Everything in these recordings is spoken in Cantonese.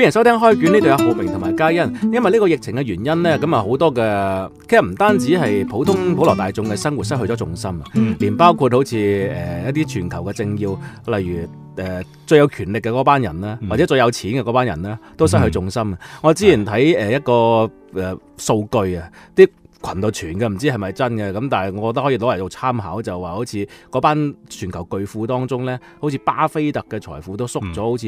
歡迎收聽開卷，呢度阿浩明同埋嘉欣。因為呢個疫情嘅原因呢，咁啊，好多嘅，其實唔單止係普通普羅大眾嘅生活失去咗重心啊、嗯，連包括好似誒、呃、一啲全球嘅政要，例如誒、呃、最有權力嘅嗰班人啦、嗯，或者最有錢嘅嗰班人呢都失去重心啊、嗯！我之前睇誒、呃、一個誒、呃、數據啊，啲。群到全嘅，唔知係咪真嘅？咁但係我覺得可以攞嚟做參考，就話好似嗰班全球巨富當中咧，好似巴菲特嘅財富都縮咗，好似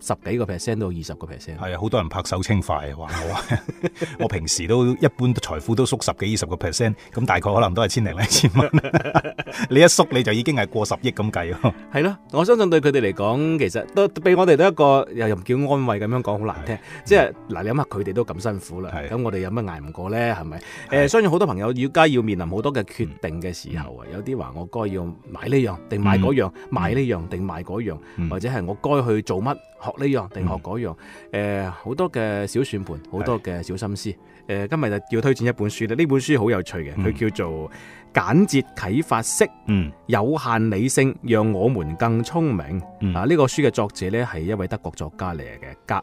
十幾個 percent 到二十個 percent。係啊，好、嗯、多人拍手稱快，話我 我平時都 一般財富都縮十幾二十個 percent，咁大概可能都係千零兩千蚊。 你一縮你就已經係過十億咁計咯。係咯，我相信對佢哋嚟講，其實都俾我哋都一個又又唔叫安慰咁樣講，好難聽。即係嗱，你諗下佢哋都咁辛苦啦，咁我哋有乜捱唔過咧？係咪？誒，相信好多朋友要家要面臨好多嘅決定嘅時候啊、嗯，有啲話我該要買呢樣定買嗰樣、嗯，買呢樣定買嗰樣、嗯，或者係我該去做乜，學呢樣定學嗰樣。誒，嗯、好、呃、多嘅小算盤，好多嘅小心思。誒，呃、今日就要推薦一本書咧，呢本書好有趣嘅，佢、嗯、叫做簡捷啟發式、嗯、有限理性，讓我們更聰明、嗯。啊，呢、這個書嘅作者咧係一位德國作家嚟嘅，格爾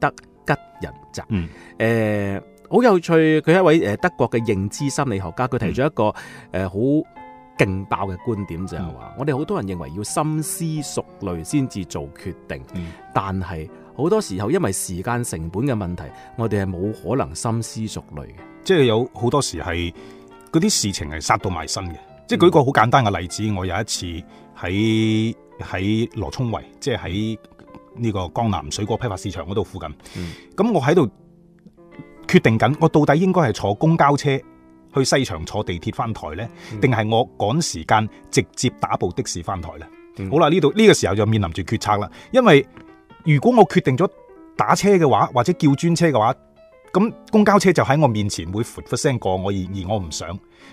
德吉仁澤誒。嗯呃好有趣，佢一位誒德國嘅認知心理學家，佢提出一個誒好、嗯呃、勁爆嘅觀點就係話，嗯、我哋好多人認為要深思熟慮先至做決定，嗯、但係好多時候因為時間成本嘅問題，我哋係冇可能深思熟慮嘅，即係有好多時係嗰啲事情係殺到埋身嘅。即係舉一個好簡單嘅例子，嗯、我有一次喺喺羅沖圍，即係喺呢個江南水果批發市場嗰度附近，咁、嗯、我喺度。決定緊，我到底應該係坐公交車去西場坐地鐵翻台呢？定係我趕時間直接打部的士翻台呢？嗯、好啦，呢度呢個時候就面臨住決策啦。因為如果我決定咗打車嘅話，或者叫專車嘅話，咁公交車就喺我面前會 foot 一聲過我，而我唔想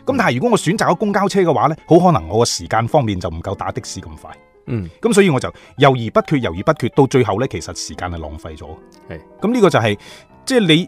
咁。但係如果我選擇咗公交車嘅話呢，好可能我嘅時間方面就唔夠打的士咁快。嗯，咁所以我就猶豫不決，猶豫不決到最後呢，其實時間係浪費咗。係咁，呢、呢個就係、是、即係你。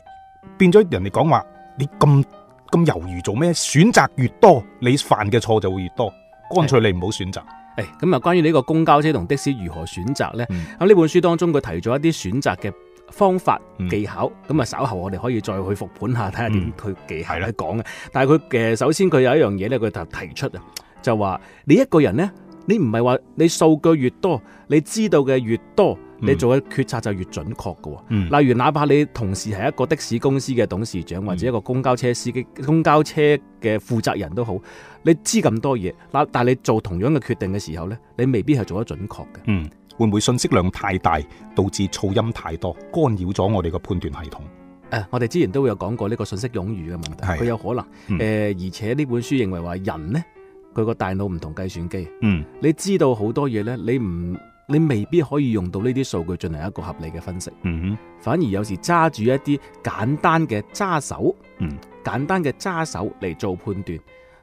變咗人哋講話你咁咁猶豫做咩？選擇越多，你犯嘅錯就會越多。乾脆你唔好選擇。誒、咁、哎、啊，關於呢個公交車同的士如何選擇呢？喺、嗯、呢本書當中佢提咗一啲選擇嘅方法技巧。咁、嗯、啊，稍後我哋可以再去復盤下睇下點佢技巧喺講嘅。但係佢嘅首先佢有一樣嘢咧，佢就提出啊，就話你一個人呢，你唔係話你數據越多，你知道嘅越多。嗯、你做嘅決策就越準確㗎喎、嗯，例如哪怕你同時係一個的士公司嘅董事長、嗯，或者一個公交車司機、公交車嘅負責人都好，你知咁多嘢，那但係你做同樣嘅決定嘅時候呢，你未必係做得準確嘅。嗯，會唔會信息量太大導致噪音太多，干擾咗我哋嘅判斷系統？誒、啊，我哋之前都會有講過呢個信息冗餘嘅問題，佢、啊、有可能誒、嗯呃，而且呢本書認為話人呢，佢個大腦唔同計算機。嗯，你知道好多嘢呢，你唔？你未必可以用到呢啲數據進行一個合理嘅分析、嗯哼，反而有時揸住一啲簡單嘅揸手、嗯，簡單嘅揸手嚟做判斷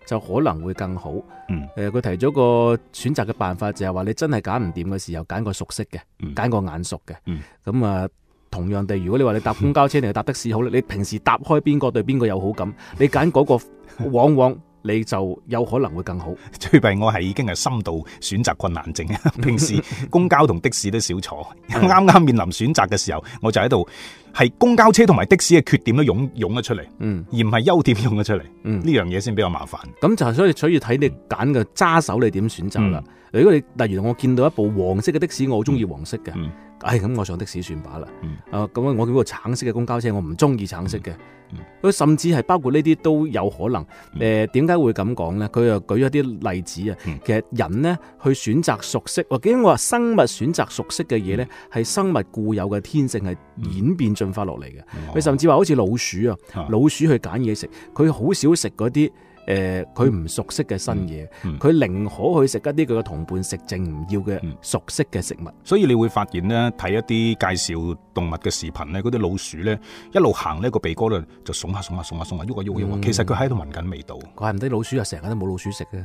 就可能會更好。誒、嗯，佢、呃、提咗個選擇嘅辦法，就係、是、話你真係揀唔掂嘅時候，揀個熟悉嘅，揀、嗯、個眼熟嘅。咁、嗯、啊、呃，同樣地，如果你話你搭公交車定係搭的士好、嗯、你平時搭開邊個對邊個有好感，你揀嗰、那個 往往，你就有可能會更好。最弊我係已經係深度選擇困難症，平時公交同的士都少坐，啱 啱面臨選擇嘅時候，我就喺度係公交車同埋的士嘅缺點都湧湧咗出嚟， 嗯，而唔係優點湧咗出嚟，嗯，呢樣嘢先比較麻煩。咁就係所以所以睇你揀嘅揸手你點選擇啦。如果你例如我見到一部黃色嘅的、的士，我好中意黃色嘅。嗯嗯唉，咁我上的士算把啦、嗯。啊，咁我叫個橙色嘅公交車，我唔中意橙色嘅。佢、嗯嗯、甚至係包括呢啲都有可能。誒、嗯，點、呃、解會咁講咧？佢又舉咗啲例子啊、嗯。其實人呢去選擇熟悉，或者我話生物選擇熟悉嘅嘢咧，係、嗯、生物固有嘅天性係演變進化落嚟嘅。佢、嗯、甚至話好似老鼠啊，老鼠去揀嘢食，佢好少食嗰啲。誒，佢唔熟悉嘅新嘢，佢、嗯嗯、寧可去食一啲佢嘅同伴食剩唔要嘅熟悉嘅食物。所以你會發現咧，睇一啲介紹動物嘅視頻咧，嗰啲老鼠咧一路行，呢個鼻哥度，就聳下聳下聳下聳下喐下喐下喐下，其實佢喺度聞緊味道。嗯、怪唔得老鼠啊，成日都冇老鼠食嘅。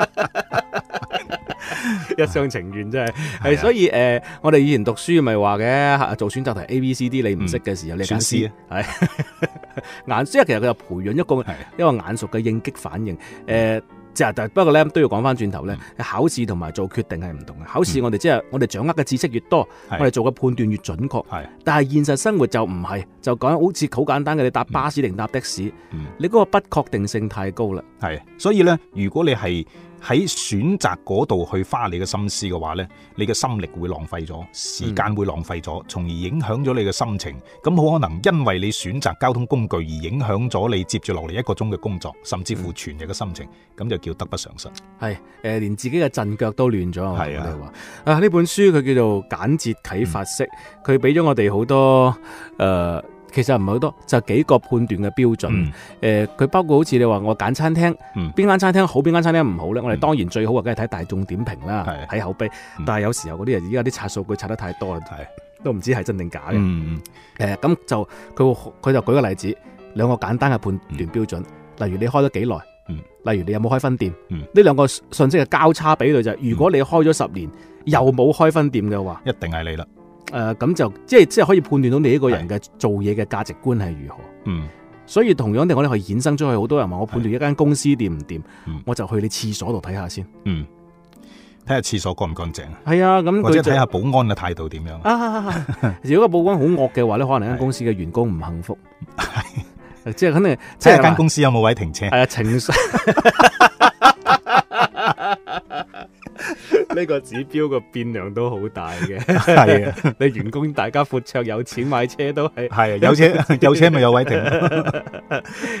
一廂情願真係，係、啊、所以誒、啊呃，我哋以前讀書咪話嘅，做選擇題 A、B、C、D 你唔識嘅時候，嗯、你揀 C，係眼即係其實佢就培養一個一個眼熟嘅應激反應。誒、呃，就、嗯、但不過咧都要講返轉頭咧、嗯，考試同埋做決定係唔同嘅。考試我哋即係我哋掌握嘅知識越多，的我哋做嘅判斷越準確。係，但係現實生活就唔係，就講好似好簡單嘅，你搭巴士定搭的士，嗯、你嗰個不確定性太高啦。係，所以咧，如果你係。喺選擇嗰度去花你嘅心思嘅話呢，你嘅心力會浪費咗，時間會浪費咗，從而影響咗你嘅心情。咁、嗯、好可能因為你選擇交通工具而影響咗你接住落嚟一個鐘嘅工作，甚至乎全日嘅心情，咁、嗯、就叫得不償失。係誒、呃，連自己嘅陣腳都亂咗啊！啊，呢本書佢叫做簡捷啟發式，佢俾咗我哋好多誒。呃其實唔係好多，就、幾個判斷嘅標準。誒、嗯，佢、呃、包括好似你話我揀餐廳，邊、嗯、間餐廳好，邊間餐廳唔好咧。我、嗯、哋當然最好嘅梗係睇大眾點評啦，睇口碑。嗯、但係有時候嗰啲人而家啲刷數據刷得太多，都唔知係真定假嘅。誒、嗯，咁、嗯呃、就佢佢就舉個例子，兩個簡單嘅判斷標準。嗯、例如你開咗幾耐，例如你有冇開分店，呢、嗯、兩個信息嘅交叉比對就係，如果你開咗十年、嗯、又冇開分店嘅話，一定係你啦。誒、呃，咁就即係即係可以判斷到你一個人嘅做嘢嘅價值觀係如何。嗯，所以同樣地，我哋可以衍生出去好多人話，我判斷一間公司掂唔掂，我就去你廁所度睇下先。嗯，睇下廁所乾唔乾淨啊？係啊，咁或者睇下保安嘅態度點樣。如果個保安好惡嘅話咧，可能間公司嘅員工唔幸福。即 係肯定。即係間公司有冇位停車？係啊，情緒。 呢 個指標個變量都好大嘅，係啊！ 你員工大家闊綽有錢買車都係，係有車有車咪有位停、 欸。誒誒誒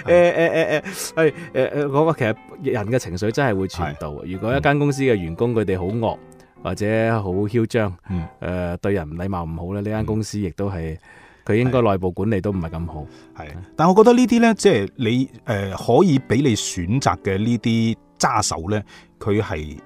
誒，係誒誒，我、欸、其實人嘅情緒真係會傳導。如果一間公司嘅員工佢哋好惡或者好囂張，嗯誒、呃、對人禮貌唔好咧，呢間公司亦都係佢應該內部管理都唔係咁好。係，但我覺得呢啲咧，即、就、係、是、你誒、呃、可以俾你選擇嘅呢啲揸手咧，佢係。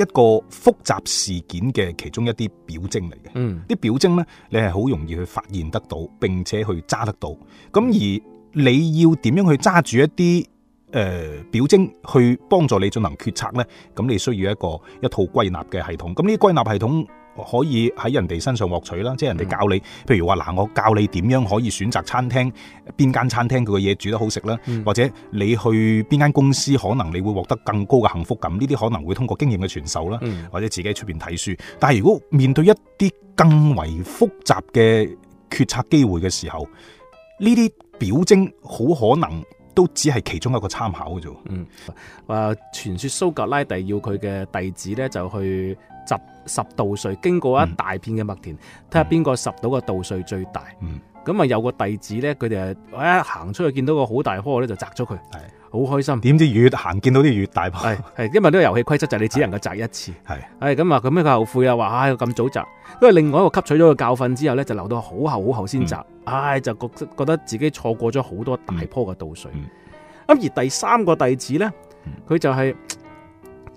一個複雜事件嘅其中一啲表徵嚟嘅，嗯，啲表徵咧，你係好容易去發現得到，並且去揸得到。咁、嗯、而你要點樣去揸住一啲誒、呃、表徵去幫助你進行決策咧？咁你需要一個一套歸納嘅系統。咁呢啲歸納系統。可以喺人哋身上獲取啦，即係人哋教你，譬如話嗱，我教你點樣可以選擇餐廳，邊間餐廳佢嘅嘢煮得好食啦、嗯，或者你去邊間公司，可能你會獲得更高嘅幸福感。呢啲可能會通過經驗嘅傳授啦，或者自己喺出邊睇書。但係如果面對一啲更為複雜嘅決策機會嘅時候，呢啲表徵好可能都只係其中一個參考嘅啫。嗯，話傳說蘇格拉底要佢嘅弟子咧就去執，拾稻穗經過一大片嘅麥田，睇下邊個拾到嘅稻穗最大。咁、嗯、啊，那有個弟子咧，佢哋啊，行、哎、出去見到個好大棵咧，就摘咗佢，係好開心。點知越行見到啲越大棵，因為呢個遊戲規則就係你只能夠摘一次。係，誒咁啊，咁佢咩後悔啊？話唉，咁、哎、早摘，因為另外一個吸取咗個教訓之後咧，就留到好後好後先摘。唉、嗯哎，就覺覺得自己錯過咗好多大棵嘅稻穗。咁、嗯、而第三個弟子咧，佢、嗯、就係、是、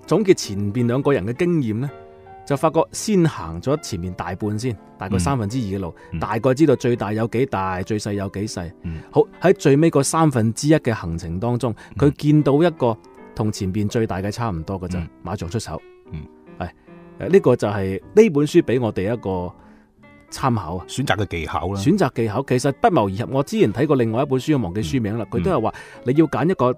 總結前邊兩個人嘅經驗咧。就發覺先行咗前面大半先，大概三分之二嘅路，嗯，大概知道最大有幾大，嗯、最細有幾細，嗯。好喺最尾嗰三分之一嘅行程當中，佢、嗯、見到一個同前面最大嘅差唔多嘅就、嗯、馬上出手。係、嗯、呢、哎，這個就係呢本書俾我哋一個參考啊，選擇嘅技巧啦。選擇技巧其實不謀而合。我之前睇過另外一本書，我忘記書名啦，佢、嗯、都係話你要揀一個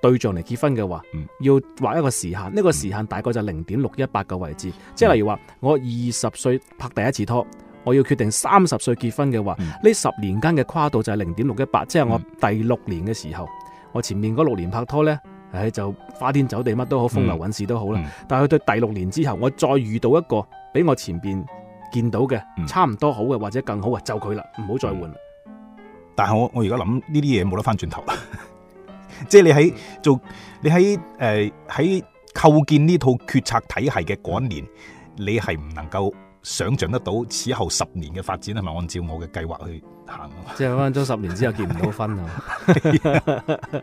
對象嚟結婚嘅話，要畫一個時限，呢、這個時限大概就零點六一八嘅位置。即、嗯、係例如話，我二十歲拍第一次拖，我要決定三十歲結婚嘅話，呢、嗯、十年間嘅跨度就係零點六一八，即係我第六年嘅時候，我前面嗰六年拍拖呢，唉就花天酒地，乜都好，風流韻事都好啦、嗯。但係對第六年之後，我再遇到一個比我前邊見到嘅、嗯、差唔多好嘅或者更好嘅就佢啦，唔好再換啦、嗯、但係我我而家諗呢啲嘢冇得翻轉頭啦。即係你喺做，你喺誒喺構建呢套決策體系嘅嗰一年，你係唔能夠想象得到此後十年嘅發展係咪按照我嘅計劃去行？即係翻咗十年之後見唔到分 啊！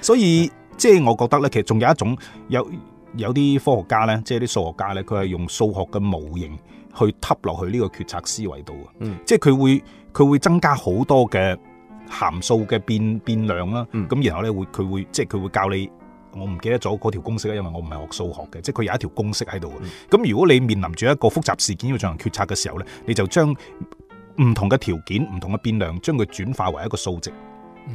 所以 即係我覺得咧，其實仲有一種有有啲科學家咧，即係啲數學家咧，佢係用數學嘅模型去插落去呢個決策思維度嘅。嗯、即係佢會佢會增加好多嘅。函數嘅變變量啦，咁、嗯、然後咧會佢會即係佢會教你，我唔記得咗嗰條公式啦，因為我唔係學數學嘅，即係佢有一條公式喺度，咁如果你面臨住一個複雜事件要進行決策嘅時候咧，你就將唔同嘅條件、唔同嘅變量，將佢轉化為一個數值，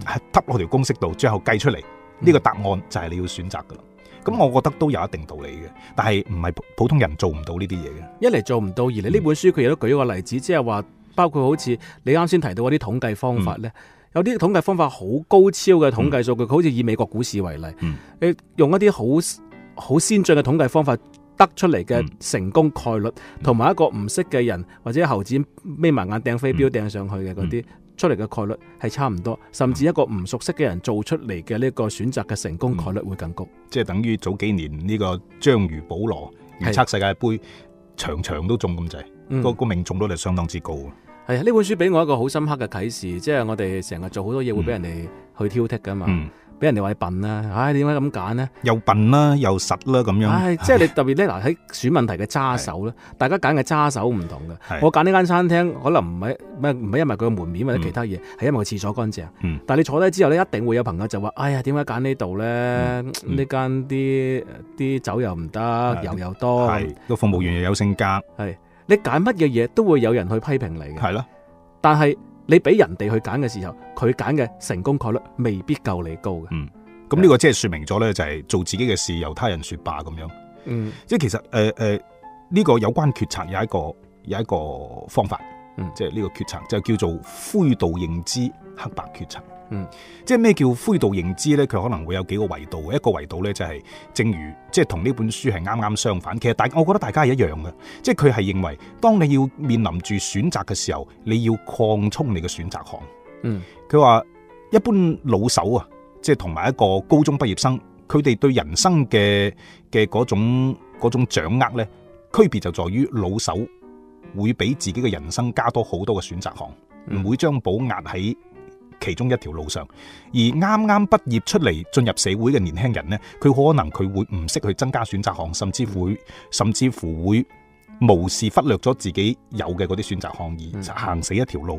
係插落條公式度，最後計出嚟呢、嗯呢個答案就係你要選擇噶啦。咁、嗯、我覺得都有一定道理嘅，但係唔係普通人做唔到呢啲嘢嘅。一嚟做唔到，二嚟呢本書佢亦都舉一個例子，嗯、即係話包括好似你啱先提到嗰啲統計方法咧。嗯有啲統計方法好高超嘅，統計數據，嗯、好似以美國股市為例，你、嗯、用一啲好好先進嘅統計方法得出嚟嘅成功概率，同、嗯、埋一個唔識嘅人或者猴子眯埋眼掟飛鏢掟上去嘅嗰啲出嚟嘅概率係差唔多，甚至一個唔熟悉嘅人做出嚟嘅呢個選擇嘅成功概率會更高。即係等於早幾年呢個章魚保羅預測世界盃場場都中咁滯，個、嗯、命中率係相當之高。呢本書俾我一個好深刻嘅啟示，即係我哋成日做好多嘢會俾人哋去挑剔㗎嘛，俾、嗯、人哋話你笨啦，唉點解咁揀呢？又笨啦，又實啦咁樣、哎。唉，即係你特別咧，嗱喺選問題嘅揸手咧，大家揀嘅揸手唔同嘅。我揀呢間餐廳，可能唔係咩唔係因為佢嘅門面或者其他嘢，係、嗯、因為個廁所乾淨、嗯。但你坐低之後呢一定會有朋友就話：唉、哎、呀，點解揀呢度咧？呢間啲啲酒又唔得、嗯，油又多，個、嗯、服務員又有性格。係。你揀乜嘅嘢都會有人去批評你嘅，係咯？但係你俾人哋去揀嘅時候，佢揀嘅成功概率未必夠你高嘅。嗯，咁呢個即係說明咗咧，就係做自己嘅事，由他人說罷咁樣。嗯，即係其實誒誒，呢個有關決策有一個有一個方法，嗯，即係呢個決策就叫做灰度認知黑白決策。嗯，即係咩叫灰度認知呢？佢可能會有幾個維度，一個維度呢，就係，正如即係同呢本書係啱啱相反。其實大，我覺得大家係一樣嘅，即係佢係認為，當你要面臨住選擇嘅時候，你要擴充你嘅選擇項。嗯，佢話一般老手啊，即係同埋一個高中畢業生，佢哋對人生嘅嘅嗰種嗰種掌握呢，區別就在於老手會俾自己嘅人生加多好多嘅選擇項，唔會將保壓喺其中一條路上，而啱啱畢業出嚟進入社會嘅年輕人呢，佢可能佢會唔識去增加選擇項，甚至會甚至乎會無視忽略咗自己有嘅嗰啲選擇項而行死一條路。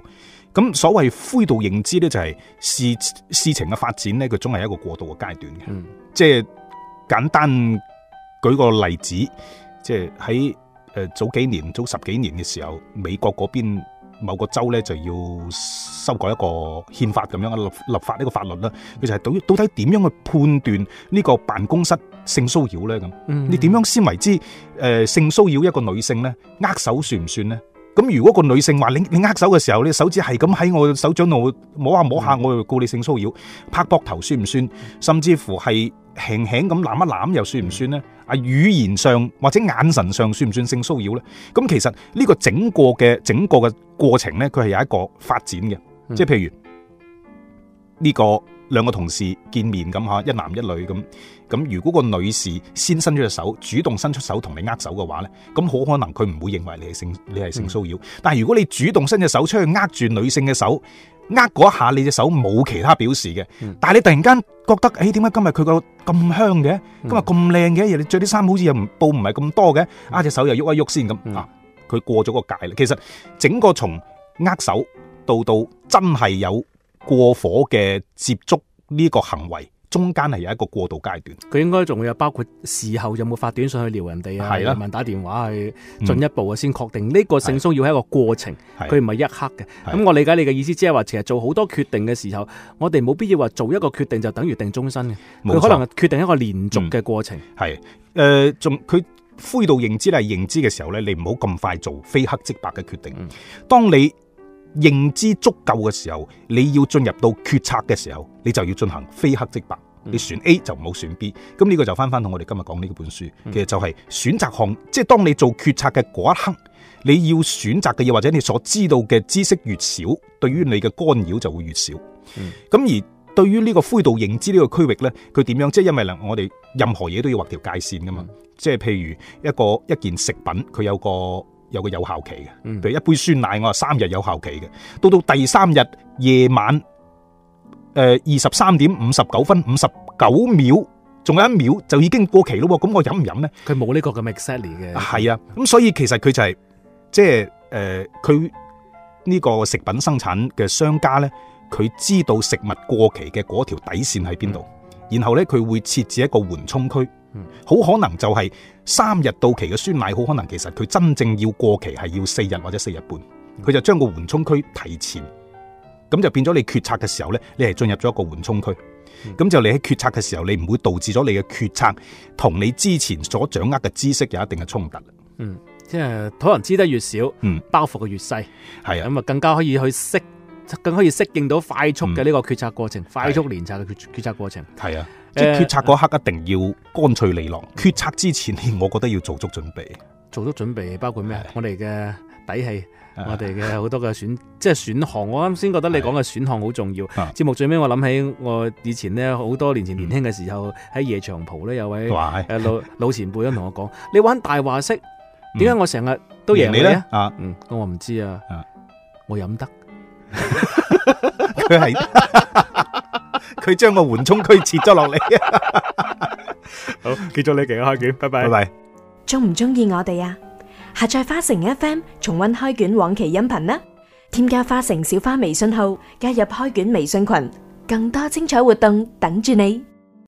咁、嗯、所謂灰度認知呢，就係、是、事事情嘅發展呢，佢總係一個過渡嘅階段嘅、嗯。即係簡單舉個例子，即係喺誒早幾年、早十幾年嘅時候，美國嗰邊。某個州咧，就要修改一個憲法咁樣嘅立立法呢個法律啦，佢就係到底點樣去判斷呢個辦公室性騷擾咧？咁你點樣先為之誒性騷擾一個女性咧？握手算唔算咧？咁如果個女性話你你握手嘅時候，你手指係咁喺我手掌度摸下摸下，我又告你性騷擾，拍膊頭算唔算？甚至乎係輕輕咁攬一攬又算唔算咧？啊，語言上或者眼神上算唔算性騷擾咧？咁其實呢個整個嘅整個嘅過程咧，佢係有一個發展嘅，即、嗯、係譬如呢、呢個。兩個同事見面咁吓，一男一女咁。咁如果個女士先伸咗隻手，主動伸出手同你握手嘅話咧，咁好可能佢唔會認為你係性你係性騷擾。嗯、但係如果你主動伸隻手出去握住女性嘅手，握嗰下你隻手冇其他表示嘅，嗯、但係你突然間覺得，誒點解今日佢個咁香嘅，今日咁靚嘅，你又你着啲衫好似又唔布唔係咁多嘅，握、嗯、隻、啊、手又喐一喐先咁啊，佢、嗯、過咗個界啦。其實整個從握手到到真係有，過火嘅接觸呢個行為，中間係有一個過渡階段。佢應該仲會有包括事後有冇發短信去撩人哋啊，同埋打電話去進一步啊、嗯，先確定呢個性衝動要喺一個過程，佢唔係一刻嘅。咁我理解你嘅意思是，即係話其實做好多決定嘅時候，我哋冇必要話做一個決定就等於定終身嘅。佢可能決定一個連續嘅過程。係、嗯，誒、仲、呃、佢灰度認知咧，認知嘅時候咧，你唔好咁快做非黑即白嘅決定。嗯、當你認知足夠嘅時候，你要進入到決策嘅時候，你就要進行非黑即白，你選 A 就唔好選 B。咁呢個就翻翻同我哋今日講呢本書、嗯，其實就係選擇項，即係當你做決策嘅嗰一刻，你要選擇嘅嘢或者你所知道嘅知識越少，對於你嘅干擾就會越少。咁、嗯、而對於呢個灰度認知呢個區域呢，佢點樣？即係因為嗱，我哋任何嘢都要畫條界線噶嘛。嗯、即係譬如一個一件食品，佢有一個。有個有效期嘅，譬如一杯酸奶，我話三日有效期嘅。到到第三日夜晚，誒二十三點五十九分五十九秒，仲有一秒就已經過期咯。咁我飲唔飲咧？佢冇呢個咁 exactly 嘅。係啊，咁所以其實佢就係即係誒，佢呢個食品生產嘅商家咧，佢知道食物過期嘅嗰條底線喺邊度，然後咧佢會設置一個緩衝區。好可能就係三日到期嘅酸奶，好可能其實佢真正要過期係要四日或者四日半，佢就將個緩衝區提前，咁就變咗你決策嘅時候咧，你係進入咗一個緩衝區，咁就你喺決策嘅時候，你唔會導致咗你嘅決策同你之前所掌握嘅知識有一定嘅衝突。嗯，即係可能知得越少，越嗯，包袱嘅越細，係啊，咁啊更加可以去適，更可以適應到快速嘅呢個決策過程，快速連測嘅決決策過程，係啊。即決策嗰刻一定要乾脆利落、嗯。決策之前，我覺得要做足準備。做足準備包括咩？我哋嘅底氣、啊，我哋嘅好多嘅選，即、就、係、是、選項。我啱先覺得你講嘅選項好重要。節、啊、目最尾我諗起我以前呢，好多年前年輕嘅時候喺、嗯、夜場蒲咧，有位老老前輩咧同我講、哎：你玩大話骰，點、嗯、解我成日都贏你，贏你呢啊？嗯，我唔知啊，我飲得佢係。 他是 佢將個緩衝區切咗落嚟，好，結束呢期開卷，拜拜拜拜。中唔中意我哋啊？下載花城 FM 重溫開卷往期音頻啦，添加花城小花微信號加入開卷微信群，更多精彩活動等住你。